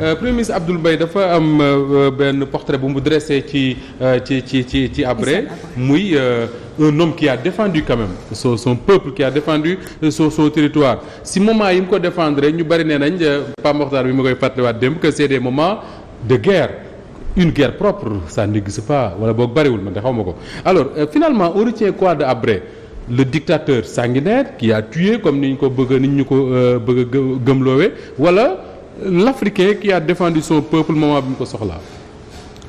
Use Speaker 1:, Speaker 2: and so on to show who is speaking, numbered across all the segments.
Speaker 1: Euh, premier ministre Abdoul Mbaye dafa am euh, benn portrait bu mu dressé ci euh, ci ci ci ci Habré muy un homme qui a défendu quand même son son peuple qui a défendu son territoire si moment yi mu ko défendre ñu bari nee nañ Pa Mokhtar bi mu koy fàttaliwaat démb que c'est des moments de guerre une guerre propre ça n'existe pas wala boog bariwul man de xaw ma ko alors finalement on retient de Habré le dictateur sanguinaire qui a tué comme ni ñu ko bëgg ni ñu ko bëgg a gëmloowee wala l'Africain qui a défendu son peuple moment bi mu ko soxlaa.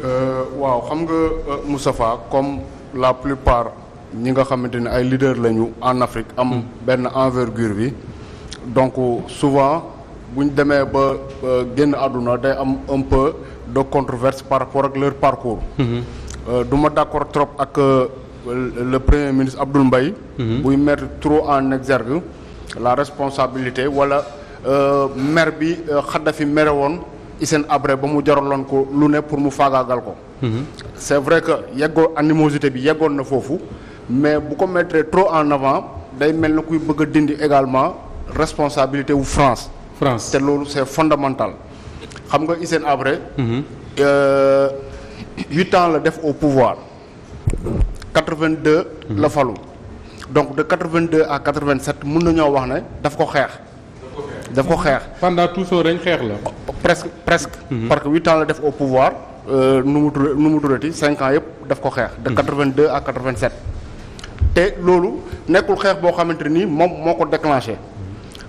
Speaker 2: Euh, waaw xam nga euh, Moustapha comme la plupart ñi nga xamante ne ay leaders lañu en Afrique. am mm. benn envergure bi. donc euh, souvent buñ demee ba génn àdduna day am un peu de controverse par rapport ak leur parcours. Mm-hmm. du d'accord trop ak le premier ministre Abdoul Mbaye mm-hmm. buy mettre trop en exergue la responsabilité wala. Euh, mer bi euh, Kadhafi mere woon Hissène Habré ba mu jaraloon ko lu ne pour mu faagaagal ko. Mhm. c'est vrai que yeggoo animosité bi yeggoon na foofu mais bu ko mettre trop en avant day mel na kuy bëgg a dindi également responsabilité wu France. France te loolu c'est fondamental xam nga Hissène Habré. Mhm. Euh, huit ans la def au pouvoir. 82. Mhm. la falu donc de 82 à 87 mën nañoo wax ne daf ko xeex. daf ko xeex. pendant tout son règne xeex la. presque presque. Mhm. parce que huit ans la def au pouvoir euh, nu mu tur mu turati cinq ans yëpp daf ko xeex. de mhm. quatre vingt deux à quatre vingt sept. te loolu nekkul xeex boo xamante nii moom moo ko déclenché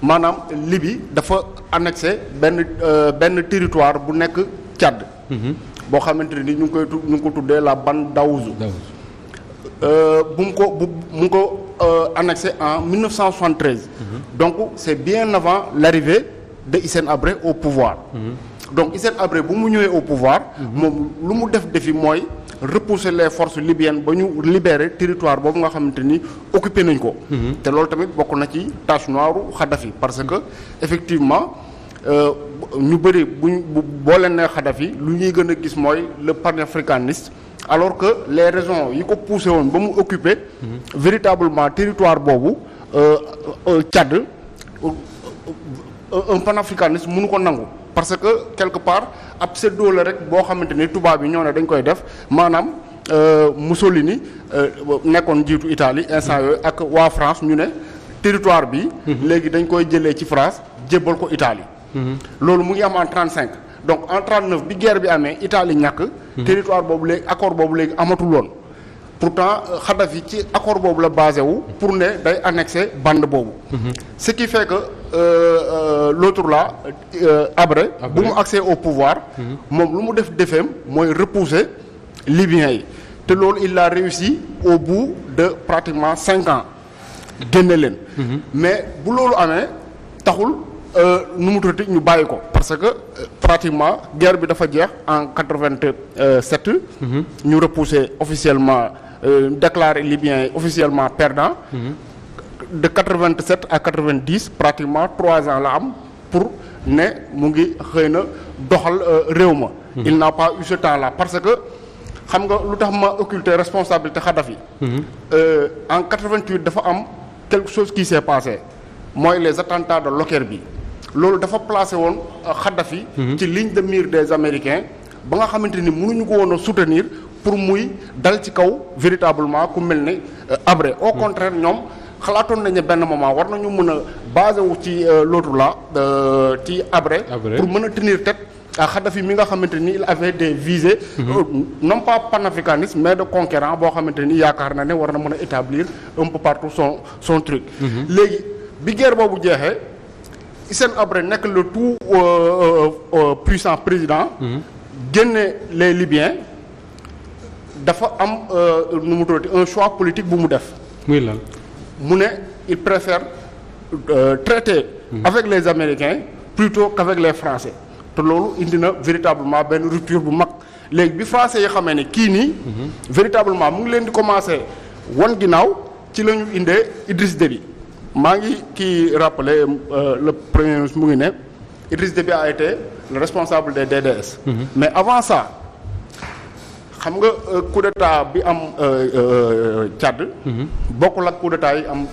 Speaker 2: maanaam libi dafa annexé benn euh, benn territoire bu nekk Tchad. Mhm. boo xamante ni ñu ngi koy ñu ngi ko tuddee la ban Daouzou. Euh, bu mu ko bu mu ko euh, annexé en 1973. Mmh. donc c' est bien avant l' arrivée de Hissène Habré au pouvoir.
Speaker 3: Mmh.
Speaker 2: donc Hissène Habré bu mu ñëwee au pouvoir. Mhm. moom lu mu def defi mooy repousser les force libyennes ba ñu libérer territoire boobu nga xamante ni occupé nañ ko. Mhm. te loolu tamit bokk na ci tâche noire Kadhafi parce que effectivement. Euh, ñu bëri buñ boo leen ne Kadhafi lu ñuy gën a gis mooy le panafricaniste alors que les raisons yi ko poussé woon ba mu occuper véritablement territoire boobu euh, euh, Tchad euh, un panafricaniste mënu ko nangu parce que quelque part ab seddoo la rek boo xamante ni tubaab yi ñoo ne dañ koy def maanaam Mussolini nekkoon njiitu Italie instant yooyu ak waa France ñu ne territoire bi mhm. léegi dañ koy jëlee ci France jébbal ko Italie mhm. loolu mu ngi am trente cinq donc en 39 bi guerre bi amee Italie ñàkk. Mhm. territoire boobu léegi accord boobu léegi amatul woon pourtant euh, Kadhafi ci accord boobu la basé wu pour ne day annexé bande boobu. Mhm. ce qui fait que euh, euh la là euh, Habré. bu mu accès au pouvoir. Mhm. moom lu mu def defeem mooy repouse libyens yi te loolu il la réussi au bout de pratiquement cinq ans génne leen. mais bu loolu amee taxul. Euh, nu mu ñu bàyyi ko parce que euh, pratiquement guerre bi dafa jeex en quatre-vingt-sept mhm. ñu repoussé officiellement euh, déclaré libyen officiellement perdant mm de quatre-vingt-sept à quatre-vingt-dix pratiquement trois ans la am pour ne mu ngi xëy na doxal euh, réew ma mhm. il n'a pas eu ce temps la parce que xam nga lu tax ma occulter responsabilité Kadhafi mhm. en quatre-vingt-huit dafa am quelque chose qui s'est passé mooy les attentats de Lockerbie loolu dafa placé woon euh, Kadhafi mhm. ci ligne de mire des Américains ba nga xamante ni mënuñu ko woon soutenir pour muy dal ci kaw véritablement ku mel ne euh, Habré au mhm. contraire ñoom xalaatoon nañu benn moment war nañu mën a basé wu ci euh, l'autre là ci Habré pour mën a tenir tête à Kadhafi mi nga xamante ni il avait des visées mhm. non pas panafricanistes mais de conquérant boo xamante ni yaakaar na ne war na mën a établir un peu partout son son truc léegi bi guerre boobu jeexee Hissène Habré nekk le tout euh, euh, euh, puissant président. Mhm. génne les Libyens dafa am nu mu tuddati un choix politique bu mu def. muy lan mu ne il préfère traiter. Mhm. avec les Américains plutôt avec les Français te loolu indi na véritablement benn rupture bu mag léegi bi Français yi xamee ne kii nii. Mhm. véritablement mu ngi leen di commencer wan ginnaaw ci la ñu indee Idriss Déby. maa ngi kii rappeler euh, le premier ministre mu ngi ne Idriss bi ay été le responsable des DDS. Mhm. mais avant ça xam nga euh, coup d'état bi am euh, Tchad. Mhm. bokkul ak coup d'état yi am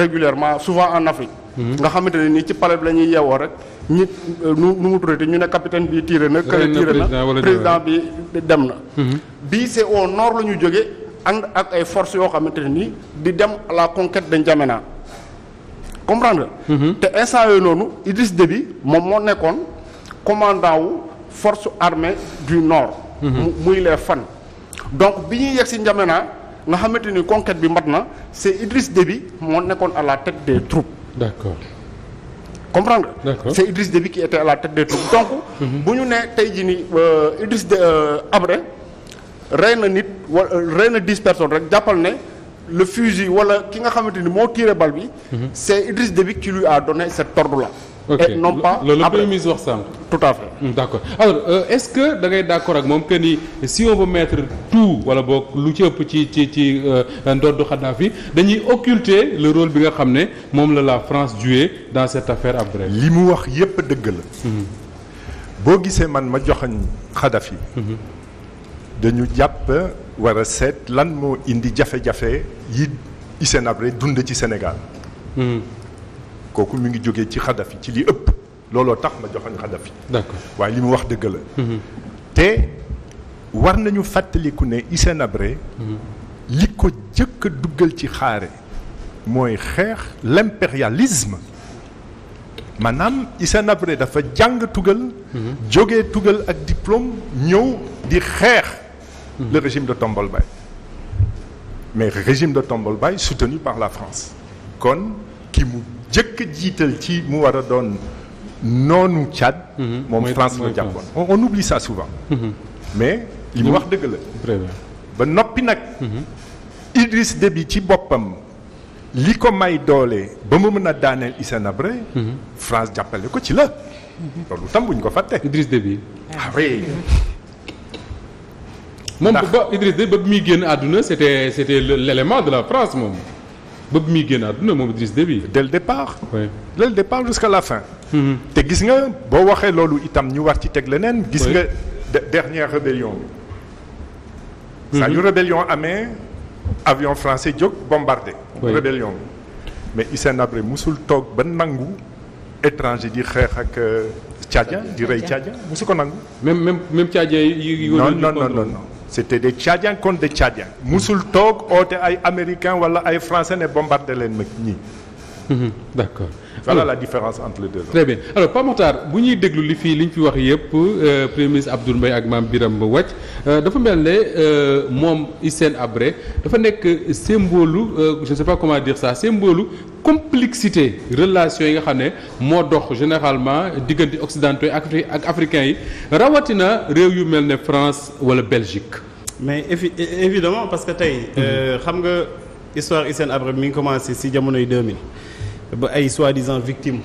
Speaker 2: régulièrement souvent en Afrique. Mhm. nga xamante ne nii ci palais bi la ñuy yeewoo rek ñi nu nu mu tuddati ñu ne capitaine bi tiire na. kële tiire na président bi dem na. bii c'est au nord la ñu jógee ànd ak ay forces yoo xamante ne nii di dem à la conquête de naa comprendre mhm. te instant yooyu noonu de bi moom moo nekkoon commandant wu force armée du nord. Mhm. muy les fan. donc bi ñuy yegg si N'Djamena nga xamante ni conquête bi mat na c'est Idriss Déby moo nekkoon à la tête des troupes. d'accord. comprendre nga. c'est Idriss Déby qui était à la tête des troupes donc. Mhm. bu ñu nee tey jii nii euh, Idriss euh, Abré rey na nit wal euh, rey na dix personnes rek jàppal ne. le fusil wala ki nga xamante ni moo tiire bal bi. Mhm. c' est Idriss Déby qui lui a donné cet ordre là. Okay. et non pas le, le,
Speaker 1: tout à fait. Mm, d' accord alors euh, est ce que dangay ngay d' accord ak moom que ni si on veut mettre tout wala boo lu ci ëpp ci ci ci euh, ndoddu Kadhafi dañuy occulter le rôle bi nga xam ne moom la
Speaker 4: la France joué dans cette affaire ab bref. li mu wax yépp dëgg la. Mhm. boo gisee man ma joxañ Kadhafi. Mhm. dañu jàpp. wara seet lan moo indi jafe-jafe yi Hissène Habré dund ci Sénégal hmm. kooku mu ngi jóge ci Kadhafi ci li ëpp looloo tax ma joxoñ Kadhafi d'accord waaye li mu wax dëgg la hmm. te war nañu fàttaliku ne Hissène Habré hmm. li ko jëkk a duggal ci xaare mooy xeex l'impérialisme maanaam Hissène Habré dafa jàng tugal jógee tugal ak diplôme ñëw di xeex le régime de Tombolbaye mais régime de Tombolbaye soutenu par la France kon ki mu jëkk jiital ci mu war a doon noonu Tchad mhm. moom France la jàppoon on oublie ça souvent mhm. mais li mu wax dëgg la ba noppi nag mhm. Idriss Déby ci boppam li ko may doole ba mu mën a daaneel Hissène Habré France jàppale ko ci la loolu tam ko fàtte Idriss Déby ah oui moom ba Idriss Déby ba bi muy génn àdduna c'était c'était l'élément de la France moom ba bi muy génn àdduna moom Idriss de dès le départ oui. dès le départ jusqu'à la fin mm-hmm. te gis nga boo waxee loolu itam ñu war ci teg leneen gis nga dernière rébellion bi mm-hmm. saa ñu rébellion amee avion français jóg bombardé oui. rébellion bi mais en Habré musul toog ba nangu étranger di xeex ak euh, Tchadien di rey Tchadien musu ko nangu même même même Tchadien yi non non c'était des Tchadiens de des mosul toog oote ay américain wala ay français ne bombardé leen mag ñii mhm. voilà hmm. la différence entre les deux. très bien
Speaker 1: alors Pape Makhtar bu ñuy déglu li fii li ñu fi wax yëpp euh, premier ministre Abdoul Mbaye ak maam Birame Wathie euh, dafa mel ne euh, moom Hissène Habré dafa nekk symbole je ne sais pas comment dire ça symbole complexité relation yi nga xam ne moo dox généralement diggante occidentaux yi ak africains yi rawatina réew yu mel ne France wala Belgique.
Speaker 5: mais évi évidemment parce que tey. Mm-hmm. xam nga histoire Hissène Habré mi ngi commencé si jamonoy 2000. ba ay soi-disant victimes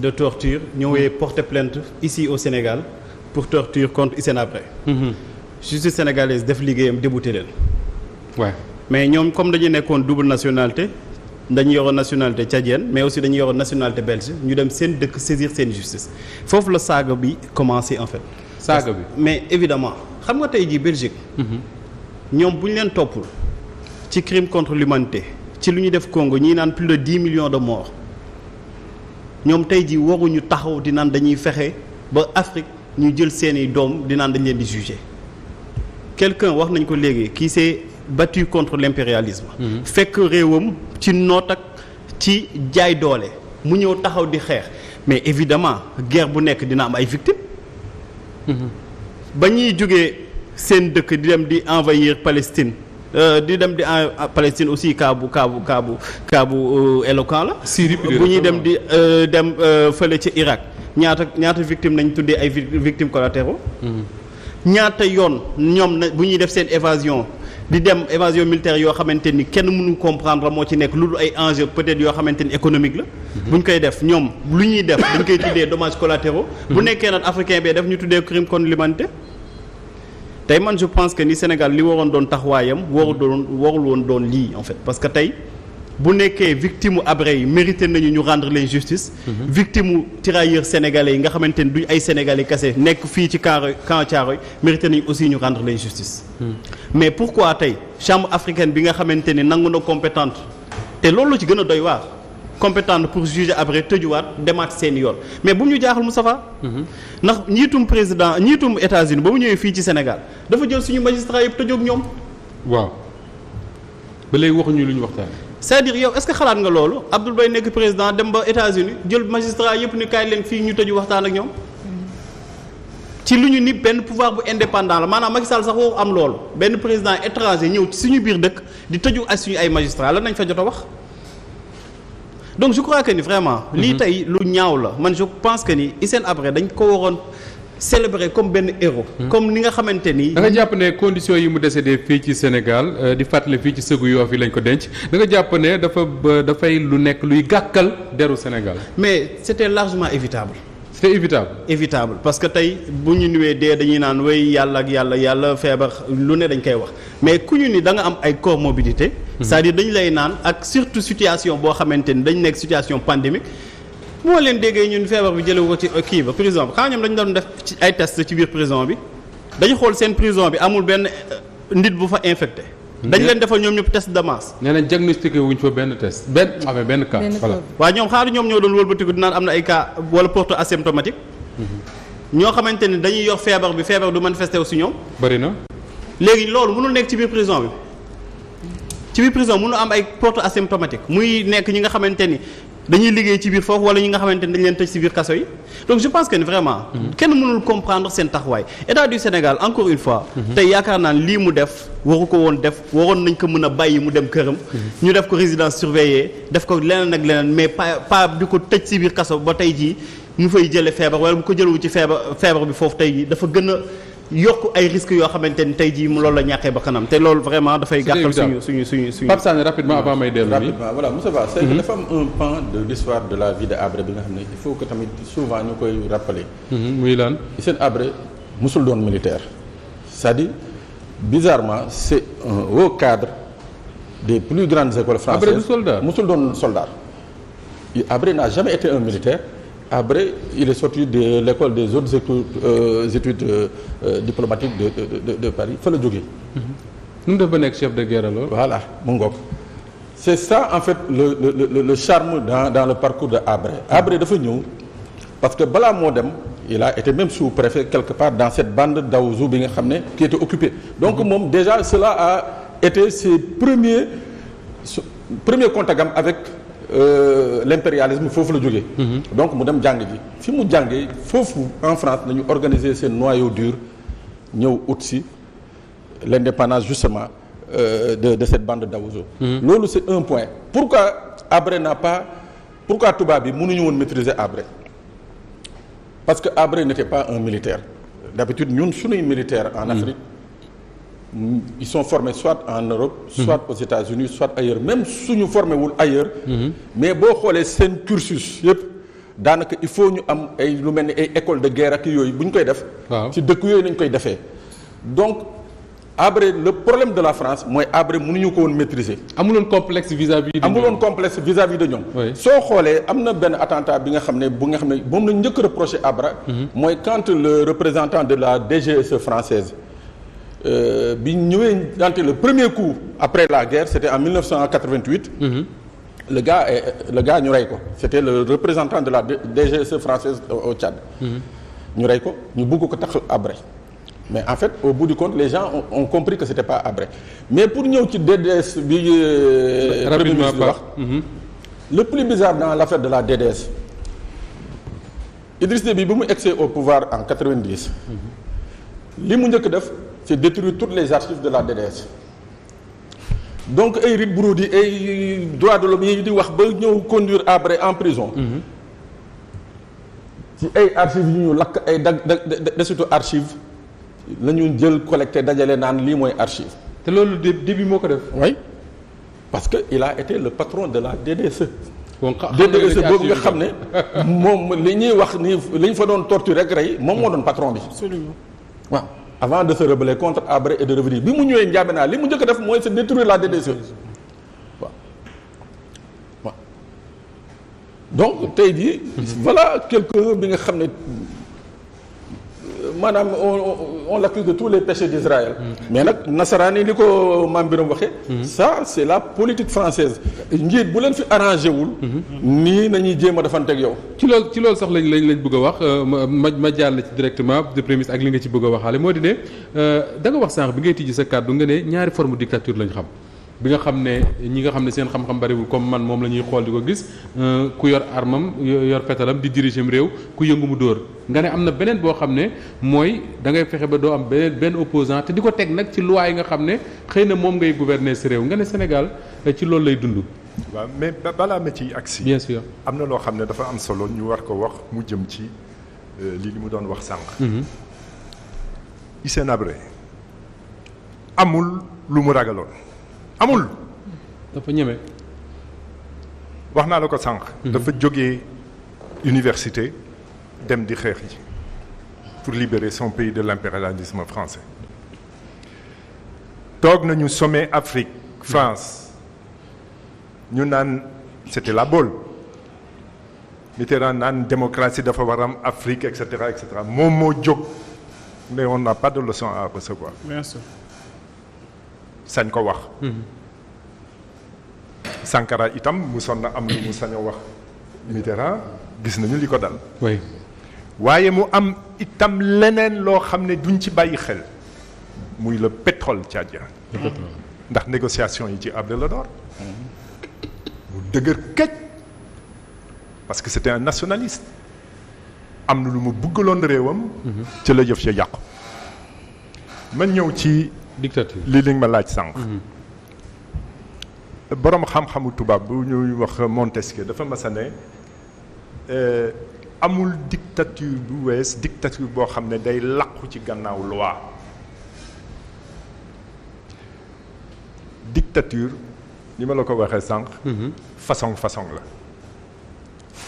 Speaker 5: de torture ñëwee porter plainte ici au Sénégal pour torture contre Hissène Habré mhm. justice sénégalaise def liggéeyam débouté leen waaw mais ñoom comme dañu nekkoon double nationalité dañu yoroon nationalité tchadienne mais aussi dañu yoroon nationalité belge ñu dem seen dëkk saisir seen justice foofu la saaga bi commencé en fait saaga bi mais évidemment xam nga tey jii Belgique mhm. ñoom bu leen toppul ci crime contre l'humanité ci lu ñu def Congo ñii naan plus de dix millions de morts ñoom tey ji waruñu taxaw di naan dañuy fexe ba Afrique ñu jël seeni doom di naan dañ leen di juger quelqu'un wax nañ ko léegi kii s'est battu contre l'impérialisme mhm. fekk réewam ci noot ak ci jaay doole mu ñëw taxaw di xeex mais évidemment guerre bu nekk dina am ay victimes mhm. ba ñuy jógee seen dëkk di dem di envahir Palestine Euh, di dem di en Palestine aussi cas bu kaabu kaabu euh, cas bu cas bu la. Syrie bu ñuy dem di euh, dem fële ci Irak ñaata ñaata victime nañ tuddee ay victimes collatéraux. Mm-hmm. ñaata yoon ñoom na bu ñuy def seen évasion. di dem évasion militaire yoo xamante ni kenn mënu comprendre moo ci nekk lu dul ay enjeux peut-être yoo xamante ni économique la. Mm-hmm. bu ñu koy def ñoom lu ñuy def dañ koy tuddee dommages collatéraux. Mm-hmm. bu nekkee nag africain bee def ñu tuddee crime contre tey man je pense que ni Sénégal li waroon doon taxawaayam waru doon warul woon doon lii en fait parce que tey bu nekkee victime Habré yi mérité nañu ñu rendre leen justice. Mhm. victime tirailleurs sénégalais yi nga xamante ni duñ ay sénégalais kese nekk fii ci camp camp Thiaroye nañu aussi ñu rendre leen justice. Mhm. mais pourquoi tey chambre africain bi nga xamante ni nangu na compétente te loolu ci gën a doy waa compétente pour juger après tëjuwaat demaat seen yoon mais bu mu ñu jaaxal Moustapha mhm. ndax njiitum président njiitum États-Unis ba mu ñëwee fii ci Sénégal dafa jël suñu magistrat yëpp tëjoog ñoom waaw
Speaker 1: ba waxuñu lu ñu waxtaan
Speaker 5: c'est-à-dire yow que xalaat nga loolu Abdoul Mbaye nekk président dem ba États-Unis jël magistrat yëpp ni kaay leen fii ñu tëju waxtaan ak ñoom ci lu ñu ni benn pouvoir bu indépendant la maanaam Macky Sall sax woo am loolu benn président étranger ñëw suñu biir dëkk di tëju ak suñu ay magistrat la nañ fa jot a wax donc je crois que ni vraiment. lii mhm. tey lu ñaaw la man je pense que ni Hissène Habré dañ ko waroon célébré comme benn héros. Mhm. comme ni nga xamante ni. da
Speaker 1: jàpp ne condition yi mu décédé fii ci Sénégal euh, di fàttale fii ci sëgu yoo fi lañ ko denc da nga jàpp ne dafa dafay lu nekk luy gàkkal deru Sénégal.
Speaker 5: mais c'était largement évitable. c'est évitable. évitable parce que tey bu ñu nuwee dee dañuy naan wéy yàlla ak yàlla yàlla feebar lu ne dañ koy wax mais ku ñu da nga am ay comorbidité Mm-hmm. cest à dañu lay naan ak surtout situation boo xamante ni dañ nekk situation pandémique moo leen déggee ñun feebar bi jëlee ko ci euh, kii ba prison bi xam ñoom dañu doon def ci ay test ci biir prison bi dañu xool seen prison bi amul benn euh, nit bu fa infecte mm-hmm. dañu leen defal ñoom ñëpp test de masse.
Speaker 1: nee nañ diagnostiqué wuñ fa benn test benn mm-hmm. amee benn cas. voilà
Speaker 5: waaw ñoom xaaru ñoom ñoo doon wëlbatiku dinaa am na ay cas wala porte asymptomatique. ñoo xamante ni dañuy yor feebar bi feebar du manifesté wu si ñoom. bëri na léegi loolu mënul nekk ci biir prison bi. ci biir prison mënu am ay porte asymptomatique muy nekk ñi nga xamante ni dañuy liggéey ci biir foofu wala ñi nga xamante ni dañ leen tëj ci biir kaso yi donc je pense que vraiment mhm. kenn mënul comprendre seen taxawaay état du Sénégal encore une fois mhm. tey yaakaar naan lii mu def waru ko woon def waroon nañ ko mën a bàyyi mu dem këram mhm. ñu def ko résidence surveillée def ko leneen ak leneen mais pas pas di ko tëj ci biir kaso ba tey jii mu fay jële feebar wala bu ko jëlewu ci feebar feebar foofu tey dafa gën a yokk ay risques yoo xamante ni tey jii loolu la ñàkkee ba kanam te loolu vraiment dafay gàttal suñu suñu suñu suñu Pape Sané rapidement avant may dellu rapidement voilà Moussa Ba c'est que mhm. dafa am
Speaker 6: bi nga xam ne
Speaker 5: il mhm,
Speaker 6: seen Habré musul doon militaire c'est-à-dire bizarrement c'est un haut cadre des plus grandes écoles françaises Habré du soldat musul doon soldat Habré n'a jamais été un militaire après il est sorti de l'école des autres études euh, études euh, diplomatiques de de de Paris fa la jógee. Mm-hmm. nu mu def ba nekk chef de guerre alors. voilà mu ngoog c'est ça en fait le le le charme dans dans le parcours de Habré. Habré dafa ñëw parce que balaa moo dem. il a été même sous-préfet quelque part dans cette bande d'Aouzou bi nga xam ne qui était occupée donc mm-hmm. moom -hmm. déjà cela a été ses premiers premiers contacts avec Euh, l'impérialisme foofu la jógee. donc mu dem jàng ji fi mu jàngee foofu en France nañu organiser seen noyau dur ñëw ut si l'indépendance justement euh, de de cette bande Daouzo. Mhm. loolu c'est un point pourquoi Habré n'a pas pourquoi tubaab bi mënuñu woon maîtriser Habré parce que Habré n'était pas un militaire d'habitude ñun suñuy militaire en mhm. Afrique. ils sont formés soit en Europe soit mhm. aux États-Unis soit ailleurs même suñu formé wul ailleurs mhm. mais boo xoolee seen cursus yëpp daanaka il faut ñu am ay lu mel ni ay école de guerre ak yooyu bu ñu koy def ci dëkk yooyu nañ koy defee donc Habré le problème de la France mooy Habré mënuñu ko woon maîtriser. amuloon complexe vis-à-vis. amuloon complexe vis-à-vis de ñoom. soo xoolee am na benn attentat bi nga xam ne bu nga xam ne moom la njëkk reproché Habré. Mhm. mooy quand le représentant de la DGSE française Euh, bi ñëwee dante le premier coup après la guerre c'était en 1988. Mm -hmm. le gars le gars ñu rey ko c'était le représentant de la DGSE française au Tchad. Mhm. ñu rey ko ñu bugg ko tax Habré mais en fait au bout du compte les gens ont, ont compris que c'était pas Habré mais pour ñëw ci DDS bi. Euh, premier ministre bi wax mhm. le plus bizarre dans l'affaire de la DDS Idriss Déby bi mu egsee au pouvoir en 90. Mhm. li mu njëkk def. c'est détruire toutes les archives de la DDS donc ay Reed Brody ay droits de l'homme yi di wax ba ñëw conduire Habré en prison ci ay archives yu ñu lakk ay dag desitu archives la ñu jël collecte dajale naan lii mooy archive te loolu début moo ko def oui parce que il a été le patron de la DDSE DDSE boobu nga xam ne moom li ñuy wax ni li ñu fa doon torture rek rey moom moo doon patron bi avant de se rebeller contre Habré et de revenir bi mu ñëwee N'Djamena li mu njëkk a def mooy se détruire la DDC waaw waaw donc tey jii voilà quelqu'un bi nga xam ne maanaam on on l'accuse de tous les péchés d'Israël mm. mais nag nasaraan yi li ko maam Biram waxee mm-hmm. ça c'est la politique française njiit bu leen fi arrangé wul mm-hmm. nii nañuy jéem a defanteeg yow
Speaker 1: ci loolu ci loolu sax lañ lañ lañ bëgg a wax euh, ma ma jàll ci directement de prémisse ak li nga ci bëgg a waxaale moo di ne euh, da nga wax sànq bi ngay tijji sa kàddu nga ne ñaari forme dictature lañ xam bi nga xam ne ñi nga xam ne seen xam-xam bariwul comme man moom la ñuy xool di ko gis euh, ku yor armam yor petalam di diriger réew ku yëngu mu dóor nga ne am na beneen boo xam ne mooy dangay fexe ba doo am beneen benn opposant te di ko teg nag ci loi yi nga xam ne xëy na moom ngay gouverner si réew nga ne Sénégal euh, ci loolu lay dund.
Speaker 4: waaw mais balaa ma ciy agsi. bien sûr am na loo xam ne dafa am solo ñu war ko wax mu jëm ci euh, li doon wax sànq. Mm-hmm. Hissène Habré amul lu mu ragaloon. amul. dafa ñeme. wax naa la ko sànq. Mhm. dafa jóge université dem di xeex ji pour libérer son pays de l'impérialisme français toog nañu sommet Afrique France ñu naan c'était la boule Mitterrand naan démocratie dafa war am Afrique et cetera et moom moo jóg mais on n'a pas de leçon à recevoir. sañ ko wax Sankara itam musoon na am lu mu sañ wax Mitterrand gis nañu li ko dal waaye mu am itam leneen loo xam ne duñ ci bàyyi xel muy le pétrole tchadien ndax négociation yi ci Abdelador mu dëgër këj parce que cest un nationaliste am na lu mu buggaloon réewam mm-hmm. ca la jëf ca yàqu ma ñëw ci dictature lii li ma laaj sànq. Mhm. borom xam-xamu tubaab bu ñuy wax Montesquieu dafa mas a ne euh, amul dictature bu wees dictature boo xam ne day làqu ci gannaaw loi dictature ni ma la ko waxee sànq. Mhm. façon façon la.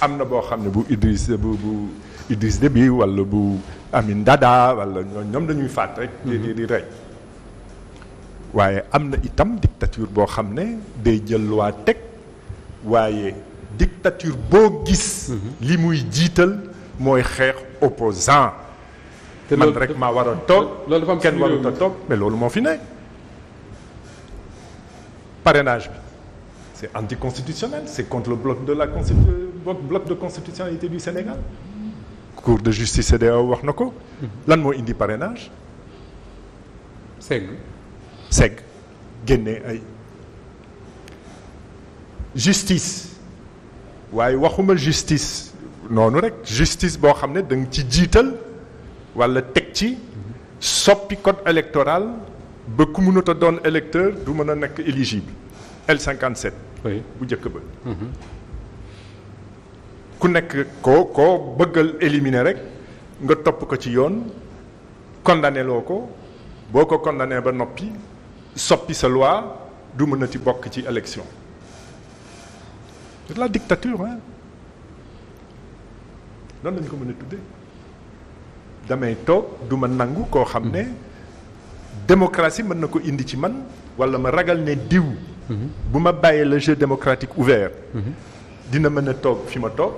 Speaker 4: am na boo xam ne bu Idriss bu bu Idriss Déby wala bu Amin Dada wala ñoom lañuy fàtt rek. Mhm. di di di rey. waaye am na itam dictature boo xam ne day jël loi teg waaye dictature boo gis. Mhm. li muy jiital mooy xeex opposant te man rek maa war a toog. loolu dafa kenn warut a toog mais loolu moo fi ne. parrainage bi c'est anticonstitutionnel c'est contre le bloc de la constitu euh, bloc de constitutionnalité du Sénégal. cour de justice CEDEAO wax na ko. Mhm. lan moo indi parrainage. Senghor. segg génne ay justice waaye waxuma justice noonu rek justice boo xam ne danga ci jiital walla teg ci soppi code électoral ba ku mënut a doon électeur du mën a nekk éligible L57 bu njëkk ba mhm. ku nekk ko koo bëggal éliminer rek nga topp ko ci yoon condamné loo ko boo ko condamné ba noppi soppi sa loi du mën a ci bokk ci élection c'est la dictature hein noonu lañu ko mën a tuddee damay toog du ma nangu koo xam ne démocratie mën na ko indi ci man walla ma ragal ne diw mhm. bu ma bàyyee le jeu démocratique ouvert mhm. dina mën a toog fi ma toog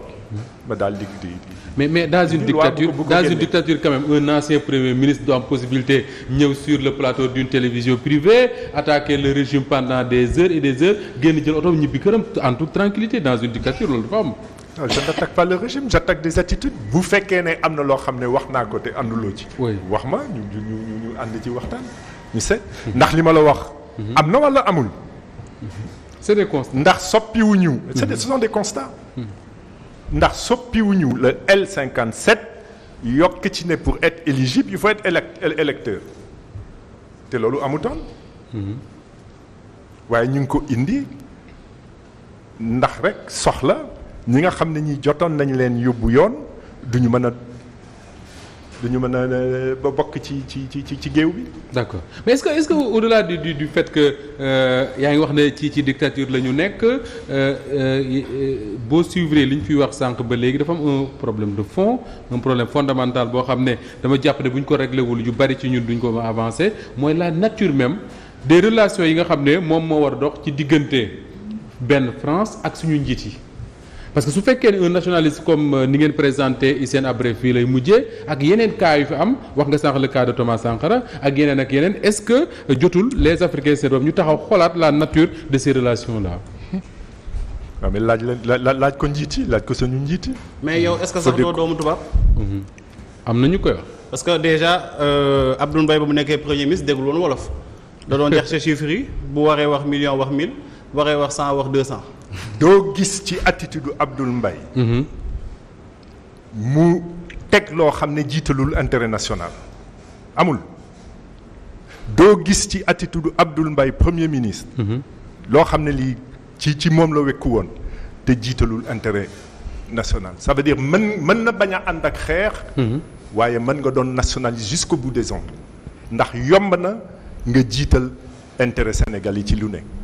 Speaker 4: ba daal di di. mais mais dans une dictature dans une
Speaker 1: dictature quand même un ancien premier ministre doit am possibilité ñëw sur le plateau d'une télévision privée attaquer le régime pendant des heures et des heures génn jël oto ñibbi këram en toute tranquillité dans une dictature loolu
Speaker 4: dafa am. non ah, je n'attaque pas le régime j'attaque des attitudes bu fekkee ne am na loo xam ne wax naa ko te ànduloo ci. wax ma ñu ñu ñu ñu ànd ci waxtaan. ñu seet ndax li ma la wax. am na wala amul. c'est des constats ndax soppiwuñu. c'est mm-hmm. des ce des constats. ndax soppiwuñu la L57 yokk ci ne pour être éligible il faut être électeur te loolu amutoon mm-hmm. waaye ñu ngi ko indi ndax rek soxla ñi nga xam ne ñi jotoon nañu leen yóbbu yoon duñu mën a duñu mën a euh, ba bokk ci ci ci ci géew bi. d'accord mais est-ce que est-ce que au-delà du du du fait
Speaker 1: que euh, yaa ngi wax ne ci ci dictature la ñu nekk euh, boo suivre li ñu fiy wax sànq ba léegi dafa am problème de fond un problème fondamental boo xam ne dama jàpp buñ ko réglé wul yu bari ci ñun duñ ko ma avancer mooy la nature même des relations yi nga xam ne moom moo war a dox ci diggante benn France ak suñu njiit yi. parce que su fekkee ne un nationaliste comme euh, ni ngeen présenté Hissène Habré fii lay mujjee ak yeneen cas yu fi am wax nga sànq le cas de Thomas Sankara ak yeneen ak yeneen est-ce que euh, jotul les Africains seen bopp ñu taxaw xolaat la nature de ces relations là. waaw mais laaj laaj ko
Speaker 4: njiit yi laaj ko suñu njiit mais yow est-ce que sax doo doomu tubaab. Mhm. am na ñu koy wax.
Speaker 5: parce que déjà euh, Abdoul Mbaye ba mu nekkee premier ministre déggul woon wolof. da doon jax sa bu waree wax million wax mille bu wax cent wax deux cent. doo gis ci attitude
Speaker 4: Abdoul mbay mhm. mu teg loo xam ne jiitalul intérêt national amul doo gis ci attitude Abdoul mbay premier ministre mhm. loo xam ne lii ci ci moom la wekku woon te jiitalul intérêt national ça veut dire mën mën na bañ a ànd ak xeex mhm. waaye mën nga doon national nationaliste jusqu'au bout des ongles ndax yomb na nga jiital intérêt Sénégal yi ci lu ne